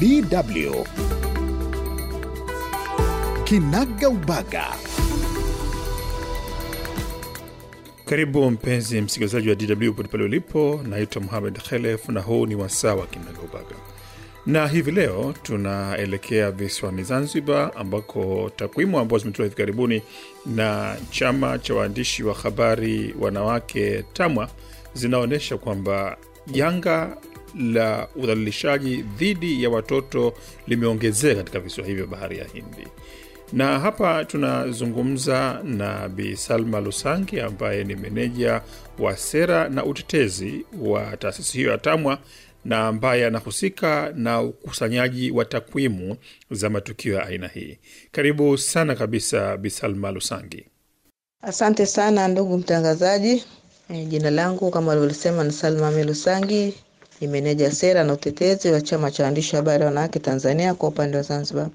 DW Kinaga Ubaga. Karibu mpenzi msikilizaji wa DW pote pale ulipo, naitwa Muhamed Khelef na huu ni wasaa wa Kinaga Ubaga, na hivi leo tunaelekea visiwani Zanzibar, ambako takwimu ambazo zimetolewa hivi karibuni na chama cha waandishi wa habari wanawake TAMWA zinaonyesha kwamba janga la udhalilishaji dhidi ya watoto limeongezeka katika visiwa hivyo bahari ya Hindi. Na hapa tunazungumza na Bi Salma Lusangi ambaye ni meneja wa sera na utetezi wa taasisi hiyo ya TAMWA na ambaye anahusika na ukusanyaji wa takwimu za matukio ya aina hii. Karibu sana kabisa Bi Salma Lusangi. Asante sana ndugu mtangazaji. Eh, jina langu kama alivyosema ni Salma Melusangi, ni meneja sera na utetezi wa chama cha waandishi habari wanawake Tanzania kwa upande wa Zanzibar.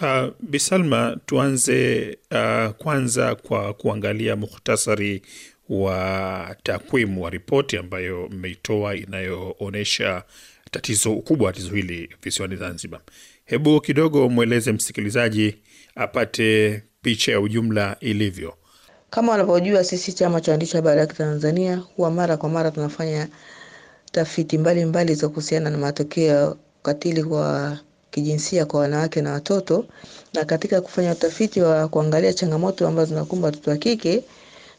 Uh, Bisalma, tuanze uh, kwanza kwa kuangalia mukhtasari wa takwimu wa ripoti ambayo mmeitoa inayoonyesha tatizo kubwa tatizo hili visiwani Zanzibar. Hebu kidogo mweleze msikilizaji apate picha ya ujumla ilivyo. Kama wanavyojua, sisi chama cha waandishi habari ya Tanzania huwa mara kwa mara tunafanya tafiti mbalimbali za kuhusiana na matokeo ya ukatili kwa kijinsia kwa wanawake na watoto, na katika kufanya utafiti wa kuangalia changamoto ambazo zinakumba watoto wa kike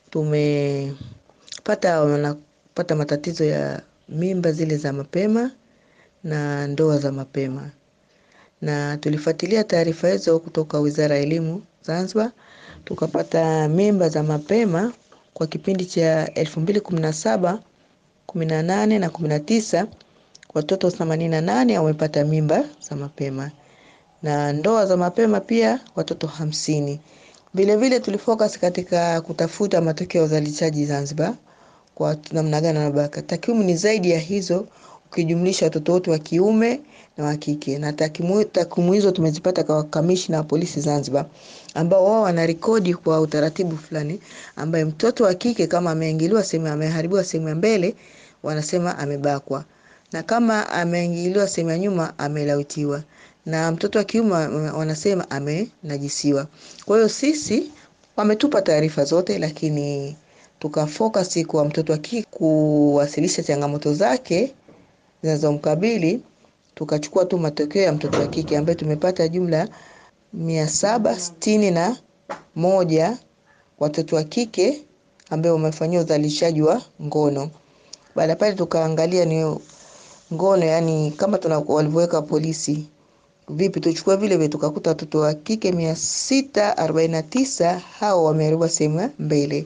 tumepata wanapata matatizo ya mimba zile za mapema na ndoa za mapema, na tulifuatilia taarifa hizo kutoka Wizara ya Elimu Zanzibar, tukapata mimba za mapema kwa kipindi cha elfu mbili kumi na saba 18 na 19 watoto 88 wamepata mimba za mapema na ndoa za mapema pia watoto hamsini. Vile vile tulifocus katika kutafuta matokeo za lichaji Zanzibar kwa namna gani na baka. Takwimu ni zaidi ya hizo ukijumlisha watoto wote wa kiume na wa kike. Na takwimu hizo tumezipata kwa kamishna wa polisi Zanzibar ambao wao wana rekodi kwa utaratibu fulani ambaye mtoto wa kike kama ameingiliwa sehemu ameharibiwa sehemu ya mbele wanasema amebakwa, na kama ameingiliwa sehemu ya nyuma amelautiwa na mtoto wa kiume wanasema amenajisiwa. Kwa hiyo sisi wametupa taarifa zote, lakini tukafokasi kwa mtoto wa kike kuwasilisha changamoto zake zinazomkabili. Tukachukua tu matokeo ya mtoto wa kike ambaye tumepata jumla mia saba sitini na moja watoto wa kike ambao wamefanyiwa udhalilishaji wa ngono. Baada pale tukaangalia ni ngono, yani kama tuna walivyoweka polisi vipi, tuchukua vile vile, tukakuta watoto wa kike mia sita arobaini na tisa hao wameharibiwa sehemu ya mbele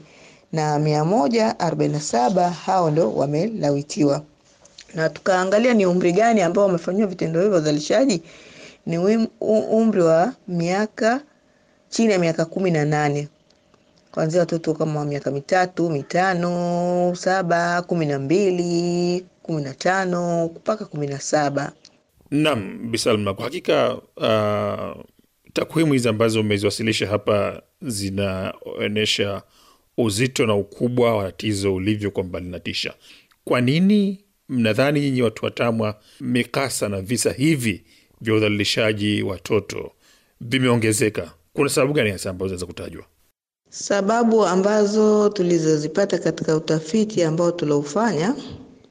na mia moja arobaini na saba hao ndo wamelawitiwa, na tukaangalia ni umri gani ambao wamefanyiwa vitendo hivyo uzalishaji Ni umri wa miaka chini ya miaka kumi na nane kuanzia watoto kama miaka mitatu, mitano, saba, kumi na mbili, kumi na tano mpaka kumi na saba. Naam, Bisalma, kwa hakika uh, takwimu hizi ambazo umeziwasilisha hapa zinaonyesha uzito na ukubwa wa tatizo ulivyo, kwamba linatisha. Kwa nini mnadhani nyinyi watu watamwa mikasa na visa hivi vya udhalilishaji watoto vimeongezeka? Kuna sababu gani hasa ambazo zinaweza kutajwa? Sababu ambazo tulizozipata katika utafiti ambao tuloufanya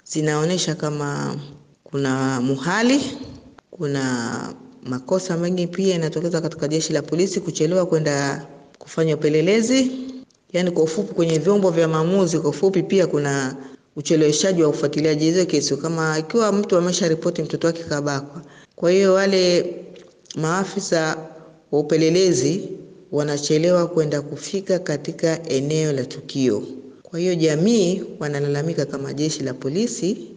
zinaonyesha kama kuna muhali, kuna makosa mengi pia yanatokeza katika jeshi la polisi, kuchelewa kwenda kufanya upelelezi, yaani kwa ufupi, kwenye vyombo vya maamuzi, kwa ufupi, pia kuna ucheleweshaji wa ufuatiliaji hizo kesi, kama ikiwa mtu amesha ripoti mtoto wake kabakwa. Kwa hiyo wale maafisa wa upelelezi wanachelewa kwenda kufika katika eneo la tukio. Kwa hiyo jamii wanalalamika kama jeshi la polisi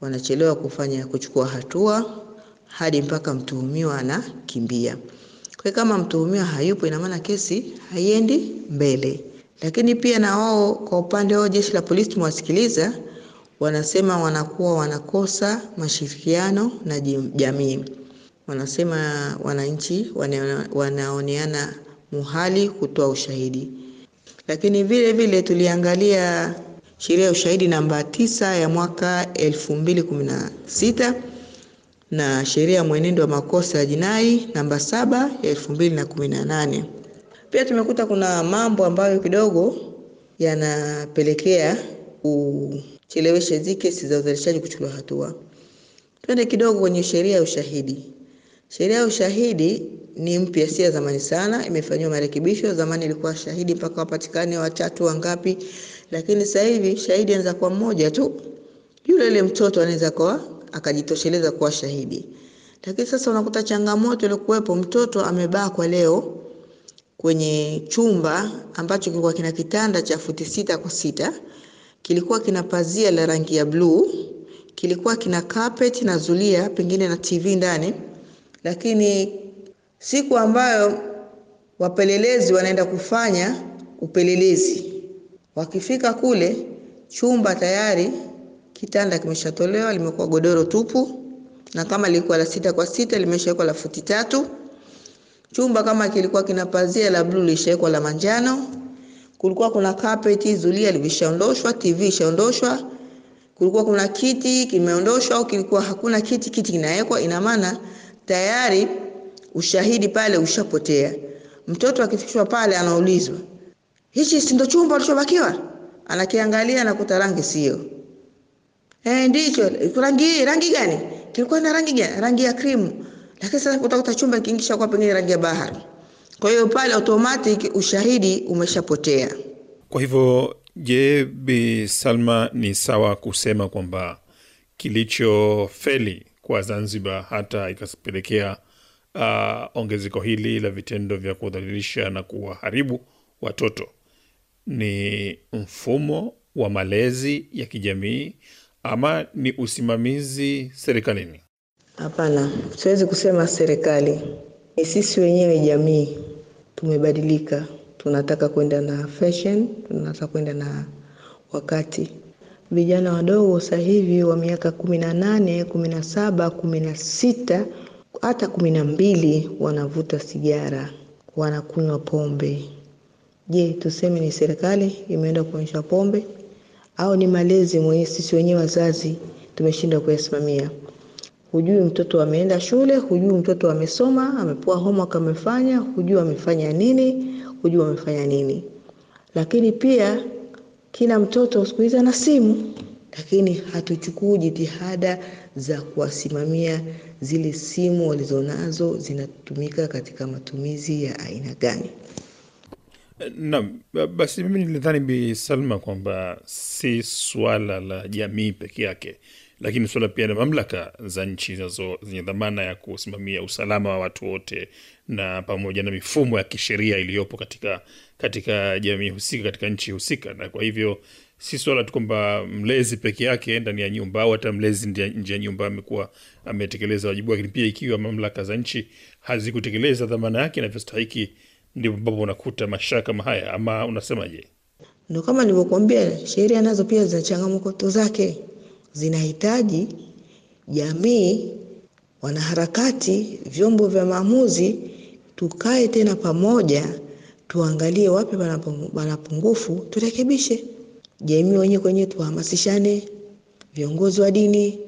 wanachelewa kufanya kuchukua hatua hadi mpaka mtuhumiwa anakimbia. Kwa kama mtuhumiwa hayupo, ina maana kesi haiendi mbele. Lakini pia na wao kwa upande wao, jeshi la polisi tumewasikiliza, wanasema wanakuwa wanakosa mashirikiano na jamii. Wanasema wananchi wanaoneana muhali kutoa ushahidi. Lakini vile vile tuliangalia sheria ya ushahidi namba tisa ya mwaka elfu mbili kumi na sita na sheria ya mwenendo wa makosa ya jinai namba saba ya elfu mbili na kumi na nane. Pia tumekuta kuna mambo ambayo kidogo yanapelekea kuchelewesha hizi kesi za uzalishaji kuchukuliwa hatua. Twende kidogo kwenye sheria ya ushahidi. Sheria ya ushahidi ni mpya, si ya zamani sana, imefanyiwa marekebisho. Zamani ilikuwa shahidi mpaka wapatikane watatu wangapi, lakini sasa hivi shahidi anaweza kuwa mmoja tu, yule ile mtoto anaweza kuwa akajitosheleza kuwa shahidi. Lakini sasa unakuta changamoto ilikuwepo, mtoto amebakwa leo kwenye chumba ambacho kilikuwa kina kitanda cha futi sita kwa sita, kilikuwa kina pazia la rangi ya bluu, kilikuwa kina carpet na zulia, pengine na TV ndani lakini siku ambayo wapelelezi wanaenda kufanya upelelezi, wakifika kule chumba tayari kitanda kimeshatolewa, limekuwa godoro tupu, na kama lilikuwa la sita kwa sita limeshawekwa la futi tatu. Chumba kama kilikuwa kina pazia la bluu lishawekwa la manjano. Kulikuwa kuna carpet, zulia limeshaondoshwa TV ishaondoshwa. Kulikuwa kuna kiti kimeondoshwa au kilikuwa hakuna kiti, kiti kinawekwa. Ina maana tayari ushahidi pale ushapotea. Mtoto akifikishwa pale anaulizwa, hichi si ndo chumba alichobakiwa Anakiangalia nakuta rangi sio. Eh, ndicho rangi rangi gani? Kilikuwa na rangi gani? Rangi ya krimu. Lakini sasa utakuta chumba kingisha kwa pengine rangi ya bahari. Kwa hiyo pale automatic ushahidi umeshapotea. Kwa hivyo, je, Bi Salma, ni sawa kusema kwamba kilichofeli kwa Zanzibar, hata ikapelekea uh, ongezeko hili la vitendo vya kudhalilisha na kuwaharibu watoto. Ni mfumo wa malezi ya kijamii ama ni usimamizi serikalini? Hapana, siwezi kusema serikali, ni sisi wenyewe jamii tumebadilika. Tunataka kwenda na fashion, tunataka kwenda na wakati vijana wadogo sasa hivi wa miaka kumi na nane kumi na saba kumi na sita hata kumi na mbili wanavuta sigara wanakunywa pombe je tuseme ni serikali imeenda kuonyesha pombe au ni malezi mwenye sisi wenyewe wazazi tumeshindwa kuyasimamia hujui mtoto ameenda shule hujui mtoto amesoma amepoa homework amefanya hujui amefanya nini hujui amefanya nini lakini pia kila mtoto siku hizi ana simu, lakini hatuchukui jitihada za kuwasimamia zile simu walizonazo zinatumika katika matumizi ya aina gani. Naam, basi mimi nilidhani Bi Salma kwamba si swala la jamii peke yake, lakini suala pia na mamlaka za nchi zinazo zenye dhamana ya kusimamia usalama wa watu wote na pamoja na mifumo ya kisheria iliyopo katika katika jamii husika katika nchi husika na kwa hivyo si swala tu kwamba mlezi peke yake ndani ya nyumba au hata mlezi nje ya nyumba amekuwa ametekeleza wajibu wake, pia ikiwa mamlaka za nchi hazikutekeleza dhamana yake inavyostahiki, ndipo ambapo unakuta mashaka mahaya Ama unasemaje? Ndo kama nilivyokuambia, sheria nazo pia zina changamoto zake zinahitaji jamii, wanaharakati, vyombo vya maamuzi, tukae tena pamoja, tuangalie wapi pana pungufu, turekebishe. Jamii wenyewe kwenyewe tuhamasishane, viongozi wa dini,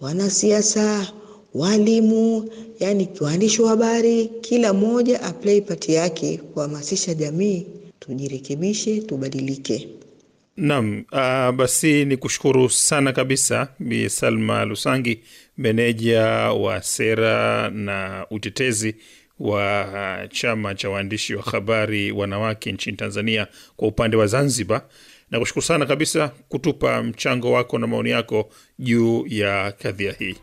wanasiasa, walimu, yani waandishi wa habari, kila mmoja aplay pati yake kuhamasisha jamii tujirekebishe, tubadilike. Naam, uh, basi ni kushukuru sana kabisa Bi Salma Lusangi, meneja wa sera na utetezi wa ah, chama cha waandishi wa habari wanawake nchini Tanzania kwa upande wa Zanzibar. Nakushukuru sana kabisa kutupa mchango wako na maoni yako juu ya kadhia hii.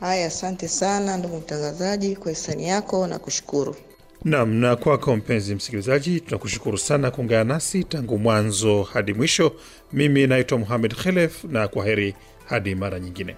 Haya, asante sana ndugu mtangazaji kwa hisani yako na kushukuru. Nam na kwako mpenzi msikilizaji, tunakushukuru sana kuungana nasi tangu mwanzo hadi mwisho. Mimi naitwa Muhamed Khelef na kwa heri hadi mara nyingine.